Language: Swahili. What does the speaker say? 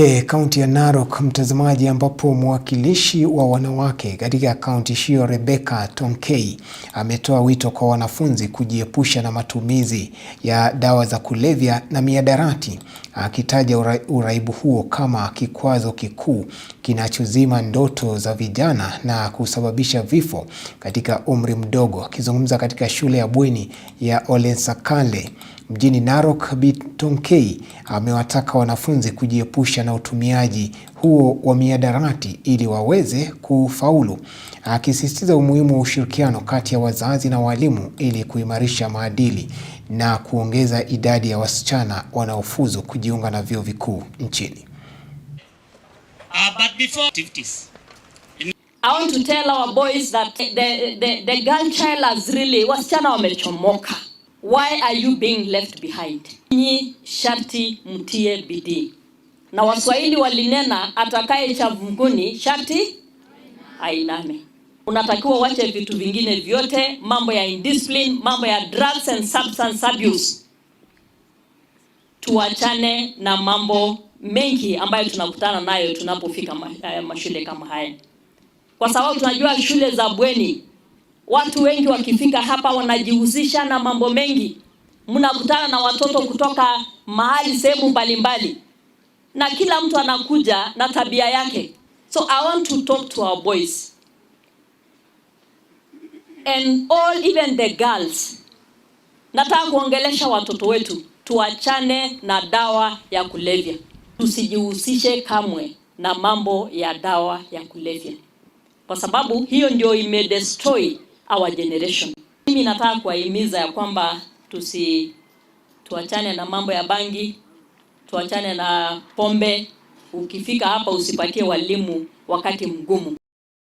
Tuelekee kaunti ya Narok, mtazamaji, ambapo mwakilishi wa wanawake katika kaunti hiyo Rebecca Tonkei ametoa wito kwa wanafunzi kujiepusha na matumizi ya dawa za kulevya na miadarati, akitaja uraibu huo kama kikwazo kikuu kinachozima ndoto za vijana na kusababisha vifo katika umri mdogo. Akizungumza katika shule ya bweni ya Olensakale mjini Narok, Bitonkei amewataka wanafunzi kujiepusha na utumiaji huo wa mihadarati ili waweze kufaulu, akisisitiza umuhimu wa ushirikiano kati ya wazazi na walimu ili kuimarisha maadili na kuongeza idadi ya wasichana wanaofuzu kujiunga na vyuo vikuu nchini. Uh, wasichana wamechomoka Why are you being left behind? Nyi sharti mtie bidii, na Waswahili walinena atakaye chavunguni sharti ainame. Unatakiwa uache vitu vingine vyote, mambo ya indiscipline, mambo ya drugs and substance abuse. Tuachane na mambo mengi ambayo tunakutana nayo tunapofika eh, mashule kama haya, kwa sababu tunajua shule za bweni Watu wengi wakifika hapa wanajihusisha na mambo mengi, mnakutana na watoto kutoka mahali sehemu mbalimbali, na kila mtu anakuja na tabia yake. So I want to talk to our boys and all even the girls. Nataka kuongelesha watoto wetu tuachane na dawa ya kulevya, tusijihusishe kamwe na mambo ya dawa ya kulevya, kwa sababu hiyo ndio imedestroy our generation. Mimi nataka kuwahimiza ya kwamba tusi tuachane na mambo ya bangi, tuachane na pombe. Ukifika hapa usipatie walimu wakati mgumu.